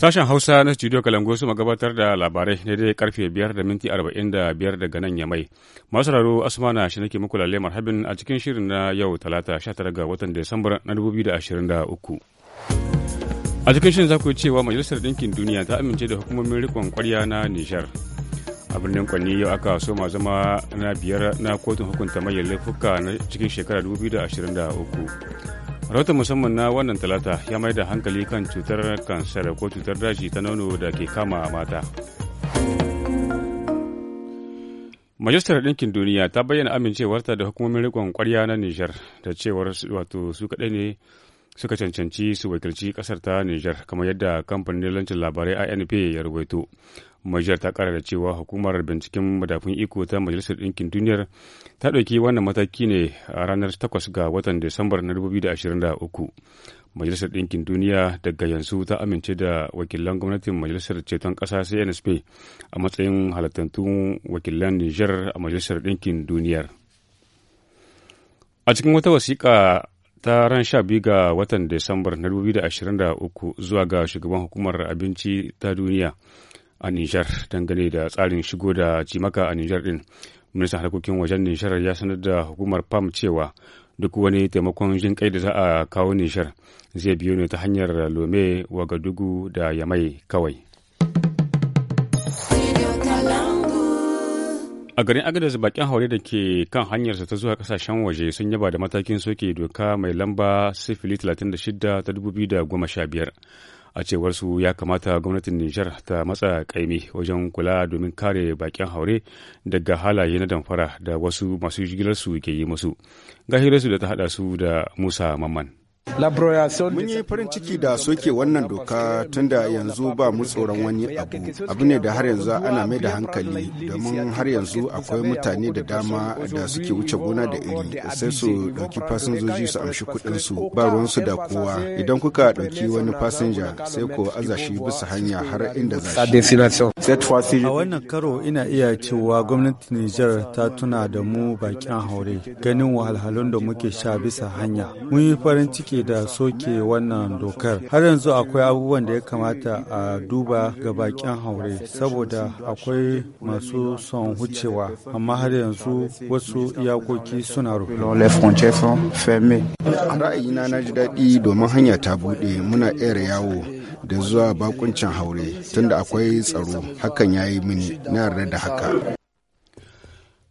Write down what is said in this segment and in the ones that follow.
Sashen Hausa na Studio Kalango su gabatar da labarai dai karfe 5 da minti 45 daga nan yamai. Masu raro Asmana shi nake muku lalle marhabin a cikin shirin na yau talata 19 ga watan Desambar na 2023. A cikin shirin za ku cewa Majalisar dinkin Duniya ta amince da hukumomin rikon kwarya na Nijar. a birnin kwanni yau aka soma zama na biyar na kotun hukunta manyan laifuka na cikin shekara 2023 rahoton musamman na wannan talata ya mai da hankali kan cutar kansar ko cutar daji ta nono da ke kama mata majistar ɗinkin duniya ta bayyana amincewarta da hukumomin rikon kwarya na nijar da cewar wato su kaɗai ne suka cancanci su wakilci ƙasarta ta Nijar kamar yadda kamfanin lancin labarai INP ya rubaito majiyar ta kara da cewa hukumar binciken madafun iko ta majalisar ɗinkin duniyar ta ɗauki wannan mataki ne a ranar 8 ga watan disambar na 2023 majalisar ɗinkin duniya daga yanzu ta amince da wakilan gwamnatin majalisar ceton ƙasa cnsp a matsayin halittantun wakilan niger a majalisar ɗinkin duniyar a cikin wata wasiƙa ta ran sha biyu ga watan disambar na 2023 zuwa ga shugaban hukumar abinci ta duniya a Nijar dangane da tsarin shigo da jimaka a Nijar din. Ministan harkokin wajen Nijar ya sanar da hukumar PAM cewa duk wani taimakon jin kai da za a kawo Nijar zai biyo ne ta hanyar Lome, wa Wagadugu da Yamai kawai. a garin agadez bakin haure da ke kan hanyarsa ta zuwa kasashen waje sun yaba da matakin soke doka mai lamba sifili 36 ta 2015 a cewar su ya kamata gwamnatin Nijar ta matsa kaimi wajen kula domin kare bakin haure daga halaye na damfara da wasu masu jigilar su ke yi musu. Gahirarsu da ta hada su da Musa Mamman. Mun yi farin ciki da soke wannan doka tunda yanzu ba mu tsoron wani abu. Abu ne da har yanzu ana mai da hankali domin har yanzu akwai mutane da dama da suke wuce gona da iri sai su ɗauki fasinjoji su amshi kuɗinsu ba ruwansu da kowa. Idan kuka ɗauki wani fasinja sai ko aza shi bisa hanya har inda za shi. A wannan karo ina iya cewa gwamnati Nijar ta tuna da mu bakin haure ganin wahalhalun da muke sha bisa hanya. Mun yi farin ciki da soke wannan dokar. Har yanzu akwai abubuwan da ya kamata a duba ga bakin haure saboda akwai masu son hucewa amma har yanzu wasu iyakoki suna rufe. Ra'ayina na ji daɗi domin hanya ta buɗe muna iya yawo da zuwa bakuncin haure tunda akwai tsaro hakan ya yi mini na yarda da haka.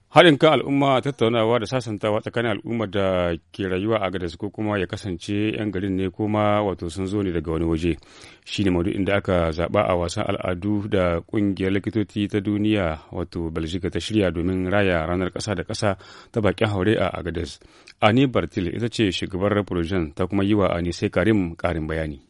haɗin kan al'umma tattaunawa da sasantawa tsakanin al'umma da ke rayuwa a gadas ko kuma ya kasance 'yan garin ne ko ma wato sun zo ne daga wani waje shi ne maudu'in da aka zaɓa a wasan al'adu da ƙungiyar likitoci ta duniya wato belgium ta shirya domin raya ranar kasa da ƙasa ta bakin haure a agadas ani bartil ita ce shugabar projen ta kuma yi wa sai karim karin bayani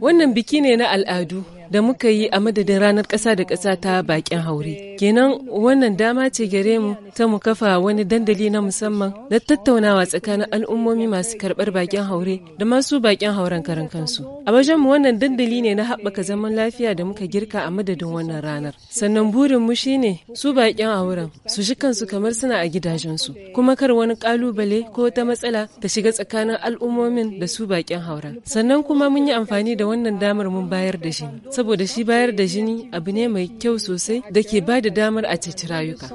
Wannan biki ne na al'adu da muka yi a madadin ranar ƙasa da ƙasa ta bakin haure. Kenan wannan dama ce gare mu ta mu kafa wani dandali na musamman na tattaunawa tsakanin al'ummomi masu karɓar bakin haure da masu bakin hauren karan kansu. A wajen mu wannan dandali ne na haɓaka zaman lafiya da muka girka a madadin wannan ranar. Sannan burin mu shine su bakin hauren su shi kansu kamar suna a gidajensu kuma kar wani ƙalubale ko wata matsala ta shiga tsakanin al'ummomin da su bakin hauren sannan kuma mun yi amfani da wannan damar mun bayar da jini saboda shi bayar da jini abu ne mai kyau sosai da ke ba da damar a ceci rayuka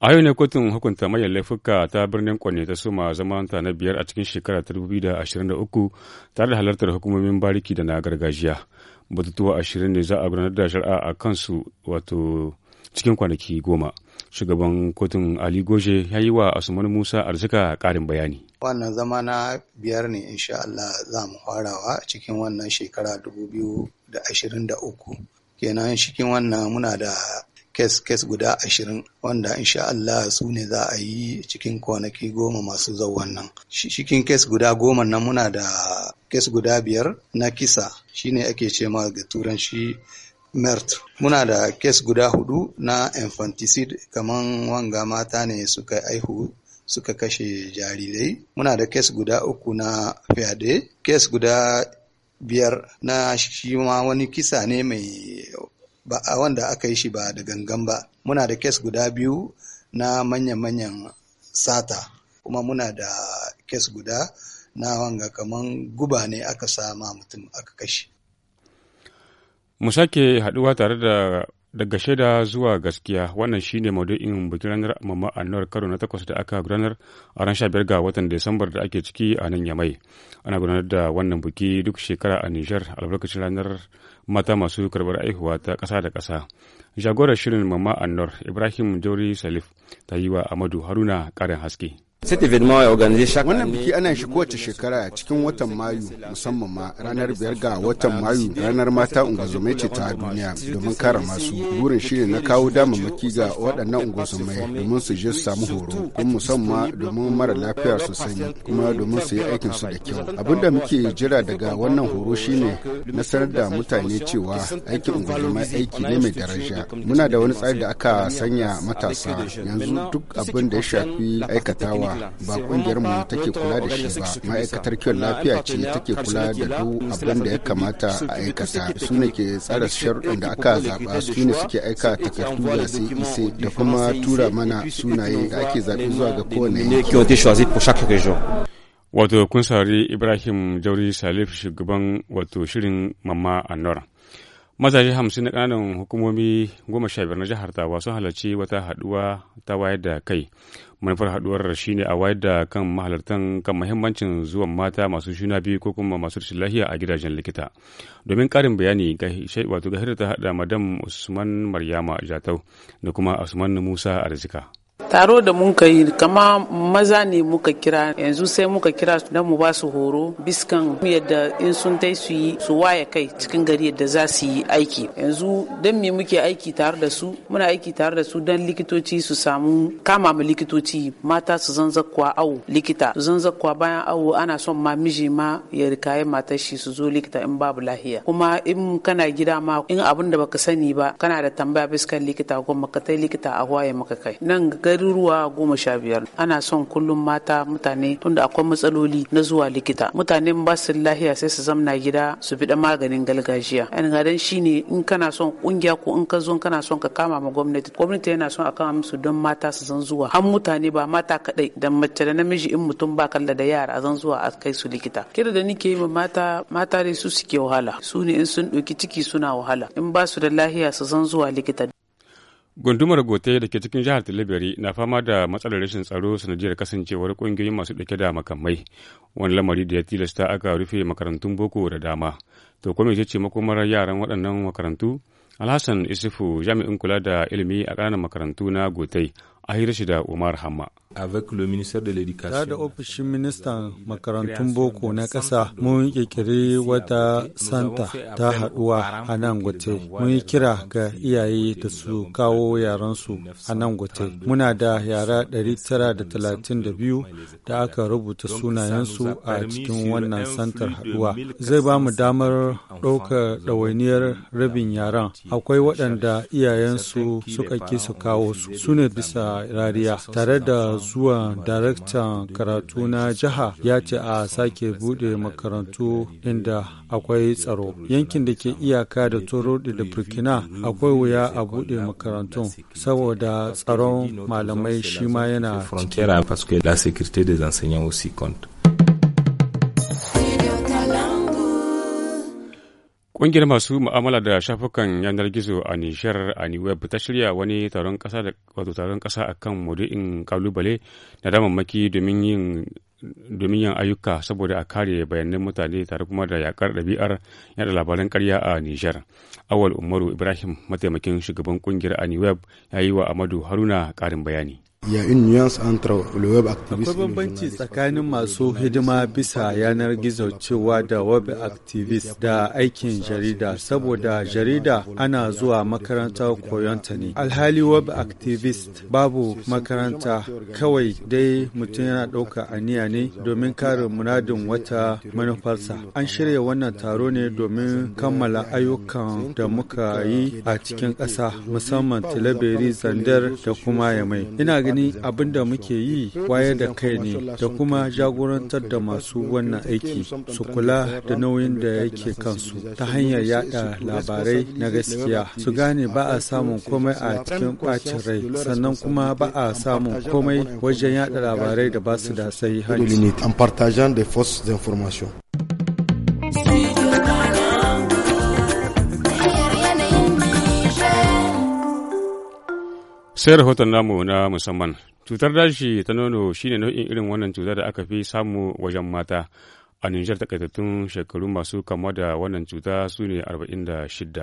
a yau ne kotun hukunta manyan laifuka ta birnin kwanne ta suma zaman ta na biyar a cikin shekara ta 2023 tare da halartar hukumomin bariki da na gargajiya batutuwa ashirin ne za a gudanar da shari'a a kansu wato cikin kwanaki goma. Shugaban kotun Ali Goje ya yi wa Asuman Musa arzika karin bayani. Wannan zama na biyar ne insha Allah za mu farawa cikin wannan shekara uku Kenan cikin wannan muna da kes-kes guda ashirin wanda insha Allah su ne za a yi cikin kwanaki goma masu zau nan. Cikin kes guda goma nan muna da kes guda biyar na kisa shine ake ce ma ga turanci mert muna da kes guda hudu na infanticide kaman wanga mata ne suka aihu suka kashe jarirai muna da kes guda uku na fyaɗe kes guda biyar na shi ma wani kisa ne mai ba a wanda aka yi shi ba da gangan ba muna da kes guda biyu na manya-manyan sata kuma muna da kes guda na wanga kaman guba ne aka sa ma mutum aka kashe Mu sake haɗuwa tare da daga shaida zuwa gaskiya wannan shine maudu'in bikin ranar mamma annuwar karo na takwas da aka gudanar a ran biyar ga watan disambar da ake ciki a nan Yamai. Ana gudanar da wannan buki duk shekara a Nijar albarkacin ranar mata masu karbar aihuwa ta ƙasa da ƙasa. Jagorar shirin mamma annuwar Ibrahim jori Salif ta yi wa Amadu Haruna ƙarin haske. Wannan biki ana shi kowace shekara a cikin watan Mayu musamman ma ranar biyar ga watan Mayu ranar mata ungozomai ce ta duniya domin kare masu burin shi na kawo damammaki ga waɗannan ungozomai domin su je su samu horo kuma musamman domin mara lafiya su sani kuma domin su yi aikin su da kyau. Abin da muke jira daga wannan horo shine na sanar da mutane cewa aikin ungozomai aiki ne mai daraja. Muna da wani tsari da aka sanya matasa yanzu duk abin da ya shafi aikatawa cewa ba kungiyar mu take kula da shi ba ma'aikatar kiwon lafiya ce take kula da duk abin da ya kamata a aikata su ne ke tsara sharuɗin da aka zaɓa su ne suke aika takardu da sai da kuma tura mana sunaye da ake zaɓe zuwa ga kowane wato kun saurari ibrahim jauri salif shugaban wato shirin mamma annora mazaje hamsin na kananan hukumomi goma sha biyar na jihar tawa sun halarci wata haɗuwa ta wayar da kai manufar haduwar ne a wayar da kan mahalartan kan mahimmancin zuwan mata masu shuna biyu ko kuma masu rashin lafiya a gidajen likita domin karin bayani ga wato ga ta hada madam usman maryama jatau da kuma usman musa arzika taro da mun yi kama maza ne muka kira yanzu sai muka kira don mu ba su horo biskan yadda in sun tai su yi su waya kai cikin gari yadda za su yi aiki yanzu don me muke aiki tare da su muna aiki tare da su don likitoci su samu kama mu likitoci mata su zanzakwa awo likita su zanzakwa bayan awo ana son ma miji ma ya rikaye matar shi su zo likita in babu lahiya kuma in kana gida ma in abin da baka sani ba kana da tambaya biskan likita ko maka tai likita a waye maka kai nan garuruwa goma sha biyar ana son kullum mata mutane tunda akwai matsaloli na zuwa likita mutane ba su lahiya sai su zamna gida su bi maganin gargajiya yan gadan shine in kana son ƙungiya ko in ka zo kana son ka kama ma gwamnati gwamnati yana son a kama musu don mata su zan zuwa har mutane ba mata kadai da mace da namiji in mutum ba kalla da yara a zan zuwa a kai su likita kira da nike yi ma mata mata dai su suke wahala su ne in sun ɗauki ciki suna wahala in ba su da lahiya su zan zuwa likita Gundumar Gote da ke cikin jihar Tilibiri na fama da matsalar rashin tsaro sanadiyar kasancewar kungiyoyin masu ɗauke da makamai, wani lamari da ya tilasta aka rufe makarantun boko da dama. To kuma ce makomar yaran waɗannan makarantu? Alhassan isifu jami'in kula da ilimi a ƙananan makarantu na Gotai a hira shi da Umar Hamma. l'éducation da ofishin ministan makarantun boko na kasa mun ƙirƙiri wata santa ta haɗuwa a nan gote Mun yi kira ga iyaye da su kawo yaransu a nan gote Muna da yara 932 da aka rubuta sunayensu a cikin wannan santar haduwa Zai ba mu damar ɗaukar ɗawainiyar rabin yaran. Akwai waɗanda iyayensu suka ki su kawo su. Su ne bisa rariya tare da zuwa daraktan karatu na jiha ya ce a sake bude makarantu inda akwai tsaro yankin da ke iyaka da torodi da burkina akwai wuya a bude makarantu saboda tsaron malamai shi ma yana Ƙungiyar masu mu'amala da shafukan yanar gizo a Nishar Aniweb ta shirya wani taron ƙasa da wato taron ƙasa akan maudu'in kalubale na damammaki domin yin domin yin ayyuka saboda a kare bayanan mutane tare kuma da yakar ɗabi'ar yada labaran karya a Nijar. Awal Umaru Ibrahim mataimakin shugaban kungiyar Aniweb ya yi wa Amadu Haruna ƙarin bayani. Akwai bambanci tsakanin masu hidima bisa yanar gizo cewa da web activist da aikin jarida saboda jarida ana zuwa makaranta koyonta ne. Alhali web activist babu makaranta kawai dai mutum yana ɗauka aniya ne domin kare munadin wata manufarsa. An shirya wannan taro ne domin kammala ayyukan da muka yi a cikin ƙasa musamman Tilaberi Zandar da kuma Yamai. Ina gani abin da muke yi wayar da kai ne da kuma jagorantar da masu wannan aiki su kula da nauyin da yake kansu ta hanyar yada labarai na gaskiya su gane ba a samun komai a cikin bacin rai sannan kuma ba a samun komai wajen yada labarai da ba su da sai hali. sai rahoton namu na musamman cutar dashi ta nono shine nau'in irin wannan cuta da aka fi samu wajen mata a nijar takaitattun shekaru masu kama da wannan cuta su ne 46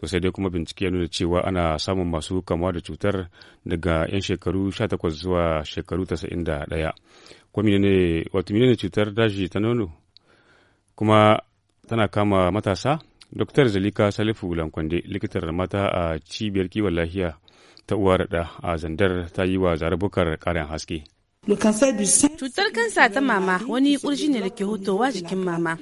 to sai dai kuma bincike ya nuna cewa ana samun masu kama da cutar daga 'yan shekaru 18 zuwa shekaru 91 kuma ne wato ne cutar daji ta nono kuma tana kama matasa dr zalika salifu lankwande likitar mata a cibiyar kiwon lafiya ta uwar da a zandar ta yi wa zarabukar ƙarin haske. Cutar kansa ta mama wani kurji ne da ke hutowa jikin mama.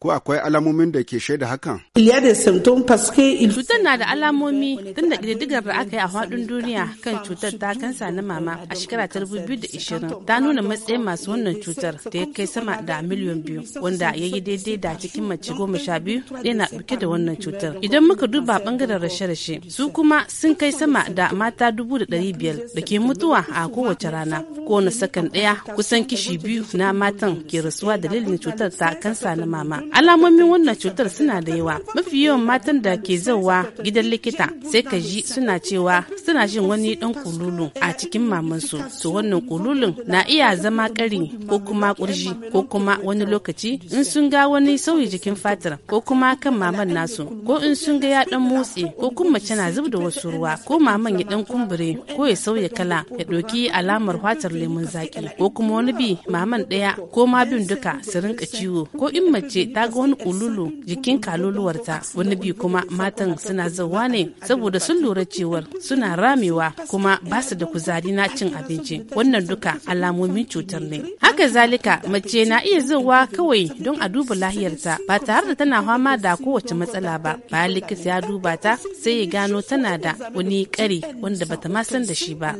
Ko akwai alamomin da ke shaida hakan? Cutar na da alamomi tun da ƙididdigar da aka yi a faɗin duniya kan cutar ta kansa na mama a shekara ta ishirin ta nuna matsayin masu wannan cutar da ya kai sama da miliyan biyu wanda ya yi daidai da cikin mace goma sha biyu ɗaya na ɗauke da wannan cutar. Idan muka duba bangaren rashe-rashe su kuma sun kai sama da mata dubu da ɗari biyar da ke mutuwa a kowace rana. kowane sakan ɗaya kusan kishi biyu na matan ke rasuwa dalilin cutar ta kansa na mama. Alamomin wannan cutar suna da yawa. Mafi yawan matan da ke zauwa gidan likita sai ka ji suna cewa suna jin wani ɗan kululu a cikin mamansu. To wannan kululun na iya zama ƙari ko kuma ƙurji ko kuma wani lokaci in sun ga wani sauyi jikin fatar ko kuma kan maman nasu ko in sun ga ya ɗan motsi ko kuma mace na zub da wasu ruwa ko maman ya ɗan kumbure ko ya sauya kala ya ɗauki alamar fatar lemun zaki ko kuma wani bi maman ɗaya ko ma bin duka su rinka ciwo ko in mace ta ga wani kululu jikin kaluluwarta wani bi kuma matan suna zawa ne saboda sun lura cewar suna ramewa kuma ba su da kuzari na cin abinci wannan duka alamomin cutar ne haka zalika mace na iya zawa kawai don a duba lahiyarta ba tare da tana fama da kowace matsala ba bayan likita ya duba ta sai ya gano tana da wani kare wanda bata ma san da shi ba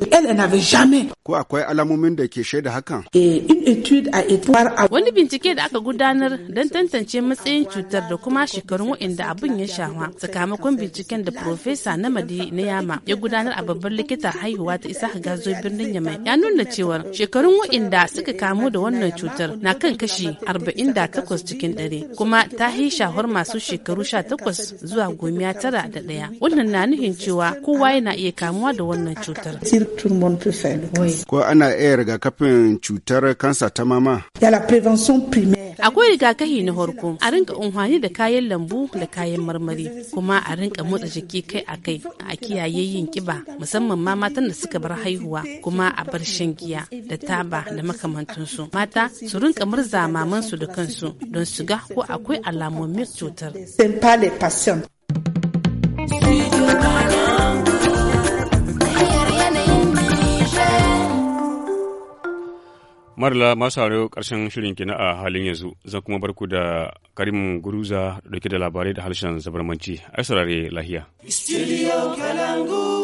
alamomin da ke shaida hakan? Eh, Wani bincike da aka gudanar don tantance matsayin cutar da kuma shekarun wa'inda abin ya shawa sakamakon binciken da Profesa Namadi na Yama ya gudanar a babban likita haihuwa ta isa gazo birnin Yamai ya nuna cewar shekarun wa'inda suka kamu da wannan cutar na kan kashi 48 cikin dare kuma ta yi shahar masu shekaru 18 zuwa gomiya tara da ɗaya wannan na nuhin cewa kowa yana iya kamuwa da wannan cutar. Ko ana iya rigakafin cutar kansa ta mama? Akwai rigakafi na harko, a rinka unhwani da kayan lambu da kayan marmari, kuma a rinka motsa jiki kai a kai a kiyaye yin kiba, musamman ma matan da suka bar haihuwa, kuma a bar shan giya da taba da makamantansu. Mata su rinka murza mamansu da kansu don su ga ko akwai alamomin cutar. Marla masu haro karshen shirin kina a halin yanzu zan kuma barku da Karim Guruza dauke da labarai da harshen zabarmanci. Ai saurare lahiya. Studio Kalangu.